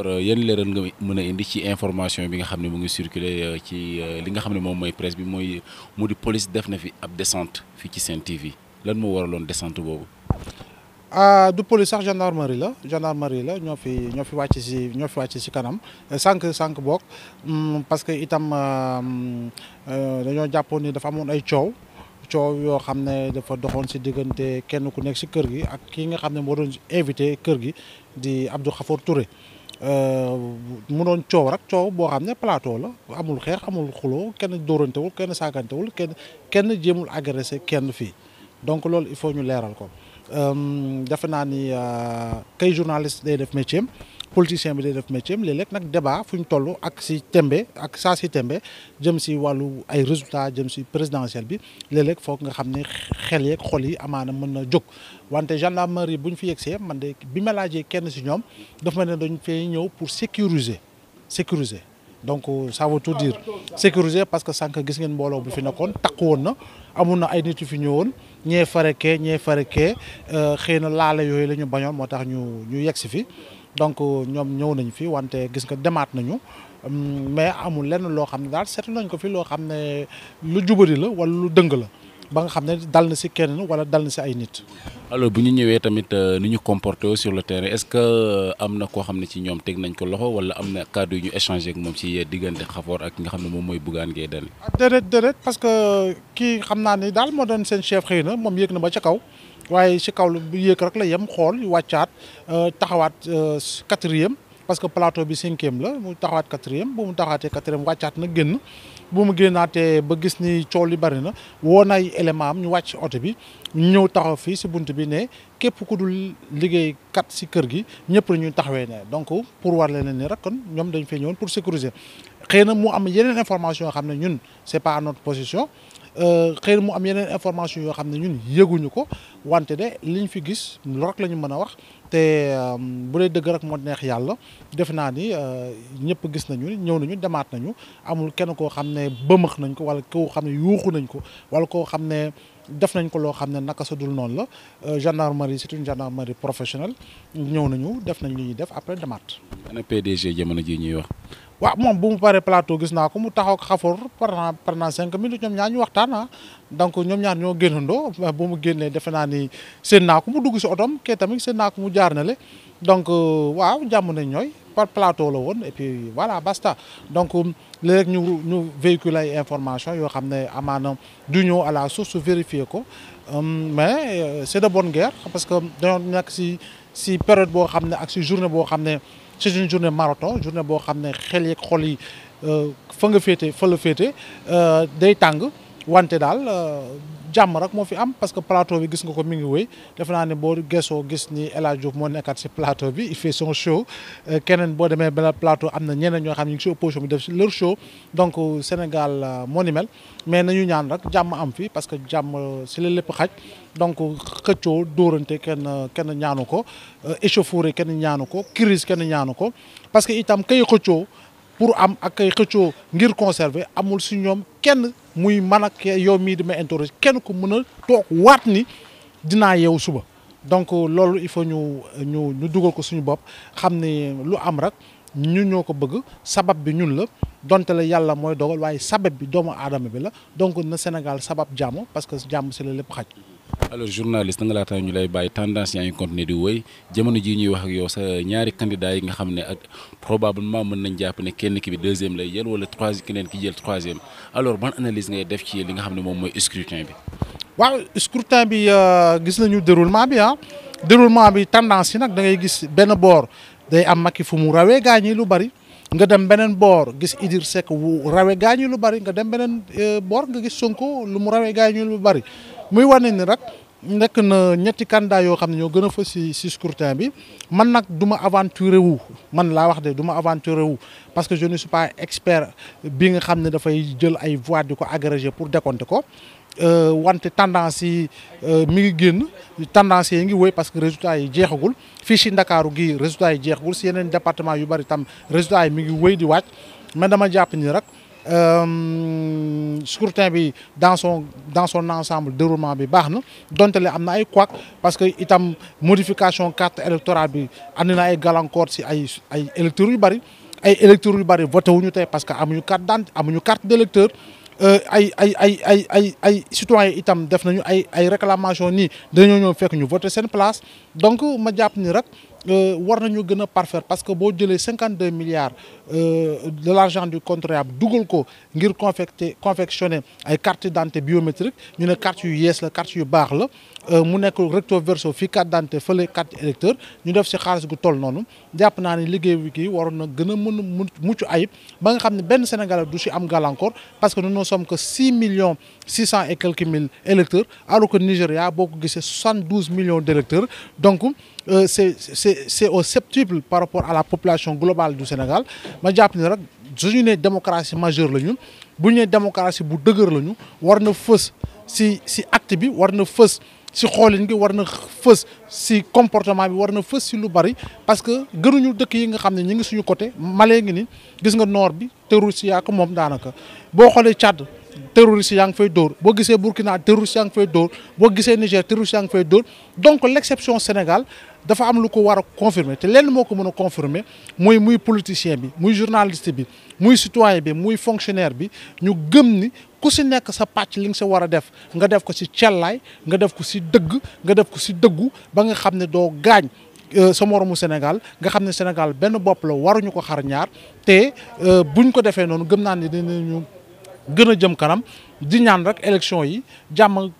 alors euh, yan nga nga mën a indi ci information bi nga xam ne mu ngi circuler euh, ci euh, li nga xam ne moom mooy presse bi mooy mu di police def na fi ab descente fii ci Sen TV lan moo waraloon descente boobu. ah du police sax gendarmerie la gendarmerie la ñoo fi ñoo fi wàcc si ñoo fi si kanam sànq sànq boog mm, parce que itam dañoo jàppoon ni dafa amoon ay coow. coow yoo xam ne dafa doxoon si diggante kenn ku nekk si kër gi ak ki nga xam ne moo doon invité kër gi di Abdou Khafour Touré Euh, mu doon coow rek coow boo xam ne plateau la amul xeex amul xuloo kenn dóorantewul kenn saakantewul kenn kenn jéemul agressé kenn fii donc loolu il faut ñu leeral ko euh, defe naa ni euh, kay journaliste day def métier politicien bi de def métier am léeg-léeg nag débat fu ñu toll ak si tembe ak saa si tembe jëm si wàllu ay résultat jëm si présidentielle bi léeg-léeg foog nga xam ne xel yeeg xol yi amaana mën na jóg wante gendarmerie bu ñu fi yegsee man de bi ma laajee kenn si ñoom daf ma ne dañ fay ñëw pour sécuriser sécuriser donc ça veut tout dire sécuriser parce que sànq gis ngeen mbooloo bu fi nekkoon takku woon na amoon na ay nit yu fi ñëwoon ñee fare kee ñee fare kee euh, xëy na laale yooyu la ñu bañoon moo tax ñu ñu yegg si fi donc ñoom ñëw nañu fii wante gis nga demaat nañu mais amul lenn loo xam ne daal seetlu nañ ko fi loo xam ne lu jubari la wala lu dëng la ba nga xam ne dal si kenn wala dal si ay nit. alors bu ñu ñëwee tamit euh, ni ñu comporté sur le terrain est euh, am na koo xam ne ci ñoom teg nañ ko loxo wala am na kàddu yu ñu échangé ak moom ci euh, diggante Khafor ak nga xam ne moom mooy Bougane Gueye Dany. Ah, déedéet déedéet parce que kii xam naa ni daal moo doon seen chef xëy na moom yéeg na ba ca kaw. waaye si kaw bu yéeg rek la yem xool wàccaat euh, taxawaat euh, quatrième parce que plateau bi cinquième la mu taxawaat quatrième bu mu taxawaatee quatrième wàccaat na génn bu mu génnaatee ba gis ni coow li bari na woo na ay élément am ñu wàcc oto bi ñu ñëw taxaw fii si bunt bi ne képp ku dul liggéey kat si kër gi ñëpp la ñuy taxawee ne donc pour war leen ni rek kon ñoom dañ fee ñëwoon pour sécuriser xëy na mu am yeneen information yoo xam ne ñun c'est pas notre position euh, xëy na mu am yeneen information yoo xam ne ñun yëguñu ko wante de liñ fi gis loolu rek la ñu mën a wax te euh, bu dee dëgg rek moo neex yàlla defe naa ni euh, ñëpp gis nañu ñëw nañu demaat nañu amul kenn koo xam ne bëmëx nañ ko wala koo xam ne yuuxu nañ ko wala koo xam ne def nañ ko loo xam ne naka sa dul noonu la euh, gendarmerie c'est une gendarmerie professionnelle ñëw nañu def nañ li ñuy def après demaat. ana PDG jamono ji ñuy wax. waa moom bu mu paree plateau gis naa ko mu taxaw xafoor pendant pendant cinq minutes ñoom ñaar ñu waxtaan ah donc ñoom ñaar ñoo génnandoo bu mu génnee defe naa ni seen naa ko mu dugg si jaar na le donc euh, waaw jàmm nañ ñooy par plateau la woon et puis voilà basta donc euh, léegi rek ñu ñu véhicule ay information yoo xam ne amaana du ñëw à la source vérifier ko mais euh, c'est de bonne guerre parce que dañoo nekk si si période boo xam ne ak si journée boo xam ne c'est une journée marathon journée boo xam ne xel yeeg xol yi fa nga féete fa la day tàng wante daal euh, jàmm rek moo fi am parce que plateau bi gis nga ko mi ngi wéy defe naa ne boo gesoo gis ni El Hadj Diouf moo nekkaat si plateau bi il fait son show euh, keneen boo demee benn plateau am na ñeneen ñoo xam ne ñu ngi si opposition bi def si leur show donc euh, Sénégal moo ni mel mais ñu ñaan rek jàmm am fi parce que jàmm si la lépp xaj donc xëccoo dóorante kenn kenn ñaanu ko échauffourée kenn ñaanu ko crise kenn ñaanu ko parce que itam kay xëccoo. pour am ak ay xëccoo ngir conserver amul si ñoom kenn muy man ak yow mii di ma interroger kenn ku mën a toog waat ni dinaa yeewu suba donc euh, loolu il faut ñu ñu ñu dugal ko suñu bopp xam ni lu am rek ñu ñoo ko bëgg sabab bi ñun la donte la yàlla mooy dogal waaye sabab bi doomu aadama bi la donc na Sénégal sabab jàmm parce que jàmm si la lépp xaj alors journaliste nga laataa ñu lay bàyyi tendance yaa ngi continuer di wéy jamono jii ñuy wax ak yow sa ñaari candidat yi nga xam ne ak probablement mën nañ jàpp ne kenn ki bi deuxième lay jël wala troisième keneen ki jël troisième alors ban analyse ngay def ci li nga xam ne moom mooy scrutin bi. waaw scrutin bi euh, gis nañu déroulement bi ah déroulement bi tendance yi nag da ngay gis benn boor day am Macky fu mu rawee gaa yi lu bari. nga dem beneen boor gis Idriss Seck wu rawe gaañu lu bari nga dem beneen euh, boor nga gis Sonko lu mu rawe gaañu lu bari muy wane ni rek nekk na ñetti candidat yoo xam ne ñoo gën a fës si si scrutin bi man nag du ma aventuré wu man laa wax de du ma aventuré wu parce que je ne pas expert bi nga xam ne dafay jël ay voix di ko agrégé pour décompter ko Euh, wante tendance yi euh, mi ngi génn tendance yi ngi wéy parce que résultat yi jeexagul fii si Ndakaaru gi résultat yi jeexagul si yeneen département yu bari tam résultat yi mi ngi woy di wàcc mais dama jàpp ni rek euh, scrutin bi danson son dans son ensemble déroulement bi baax na donte le am na ay couac parce que itam modification carte électorale bi andi na ay gàllankoor si ay ay électeurs yu bari ay électeurs yu bari voté wuñu tey parce que amuñu carte d'identité amuñu carte d'électeur Euh, ay ay ay ay ay ay citoyen itam def nañu ay ay réclamation nii dañoo ñëw fekk ñu voté seen place donc ma jàpp ni rek euh, war nañu gën a parfaire parce que boo jëlee cinquante deux milliards euh, de l' argent du contribuable dugal ko ngir confecté confectionner ay carte d' identité biométrique ñu ne carte yu yees la carte yu baax la mu nekk recto verso fii carte d' identité fële carte électeur ñu def si xaalis gu toll noonu jàpp naa ne liggéey bi kii waroon na gën a mën a mucc ayib ba nga xam ne benn Sénégalais du si am gàllankoor nous sommes que 6 millions 600 et quelques mille électeurs alors que Nigeria boo ko gisee 72 millions d'électeurs donc euh, c'est c'est c'est au septuple par rapport à la population globale du Sénégal ma jàpp ni rek suñu ne démocratie majeure la ñu bu ñu nee démocratie bu dëgër la ñu war na fës si si acte bi war na fës si xoolin gi war na fës si comportement bi war na fës si lu bari parce que gënuñu dëkk yi nga xam ne ñu ngi suñu côté Mali ngi ni gis nga noor bi terroriste yaa ko moom daanaka boo xoolee Tchad terroriste yaa ngi fay dóor boo gisee Burkina terroriste yaa ngi fay dóor boo gisee Niger terroriste yaa ngi fay dóor donc l'exception Sénégal dafa am lu ko war a confirmer te lenn moo ko mën a confirmer mooy muy politicien bi muy journaliste bi muy sitoyen bi muy fonctionnaire bi ñu gëm ni ku si nekk sa pàcc li nga sa war a def nga def ko si cellaay nga def ko si dëgg nga def ko si dëggu ba nga xam ne doo gaañ euh, sa moromu Sénégal nga xam ne Sénégal benn bopp la waruñu ko xar ñaar te euh, buñ ko defee noonu gëm naa ne dinañu gën a jëm kanam di ñaan rek élection yi jàmm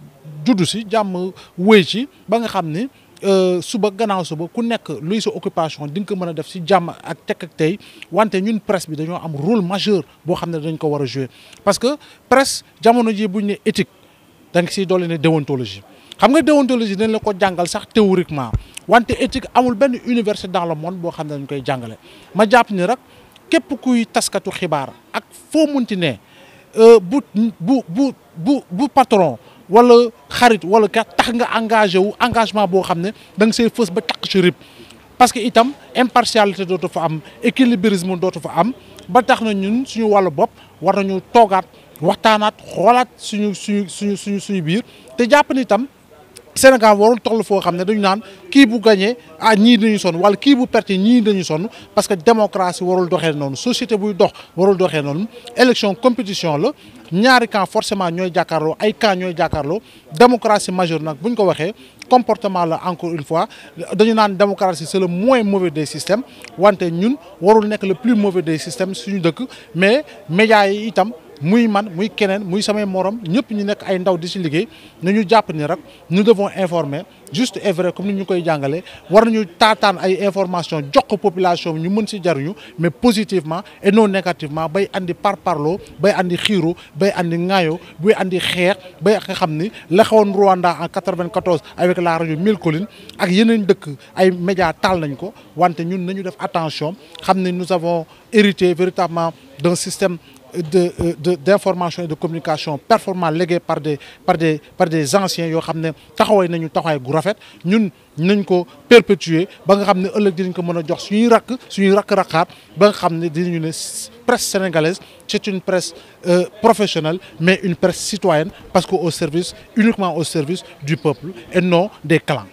juddu si jàmm wéy ci ba nga xam ni Euh, suba gannaaw suba ku nekk luy sa occupation dinga nga ko mën a def si jàmm ak tekk tey wante ñun presse bi dañoo am rôle majeur boo xam ne dañ ko war a jouer parce que presse jamono ji buñ ne éthique danga si doole ne déontologie xam nga déontologie dañ la ko jàngal sax théoriquement wante éthique amul benn université dans le monde boo xam ne dañ koy jàngale ma jàpp ni rek képp kuy taskatu xibaar ak foo munti ne euh, bu bu bu bu bu patron wala xarit wala ka tax nga engagé wu engagement boo xam ne danga nga see fës ba takk ci rib parce que itam impartialité dootu fa am équilibrisme dootu fa am ba tax na ñun suñu wàllu bopp war nañu toogaat waxtaanaat xoolaat suñu su suñu suñu suñu biir te jàpp ni itam Sénégal warul toll foo xam ne dañu naan kii bu gañee ah ñii dañuy sonn wala kii bu perte ñii dañuy sonn parce que démocratie warul doxee noonu société buy dox warul doxee noonu élection compétition la ñaari camp forcément ñooy jàkkaarloo ay camp ñooy jàkkaarloo démocratie majeure nag bu ko waxee comportement la encore une fois dañu naan démocratie c'est le moins mauvais des systèmes wante ñun warul nekk le plus mauvais des systèmes suñu dëkk mais médias yi itam. muy man muy keneen muy samay morom ñëpp ñu nekk ay ndaw di si liggéey nañu jàpp ni rek nous devons informer juste et comme ni ñu koy jàngalee war nañu taataan ay information jox ko population ñu mën si jaruñu mais positivement et non négativement bay andi par parloo bay andi xiiro bay andi ŋaayoo bay andi xeex ba nga xam ni la xewoon Rwanda en 94 avec la rajo Mille Collines ak yeneen dëkk ay médias taal nañ ko wante ñun na ñu def attention xam ne nous avons hérité véritablement d'un système Euh, d'information de, et de communication performant légués par des, par des, par des anciens yoo xam ne taxawaay nañu taxawaay gu rafet ñun nañ ko perpétuer ba nga xam ne ëllëg dinañ ko mën a jox suñuy rakk suñuy rakk-rakkaat ba nga xam ne dinañu ne presse sénégalaise c'est une presse euh, professionnelle mais une presse citoyenne parce que au service uniquement au service du peuple et non des clans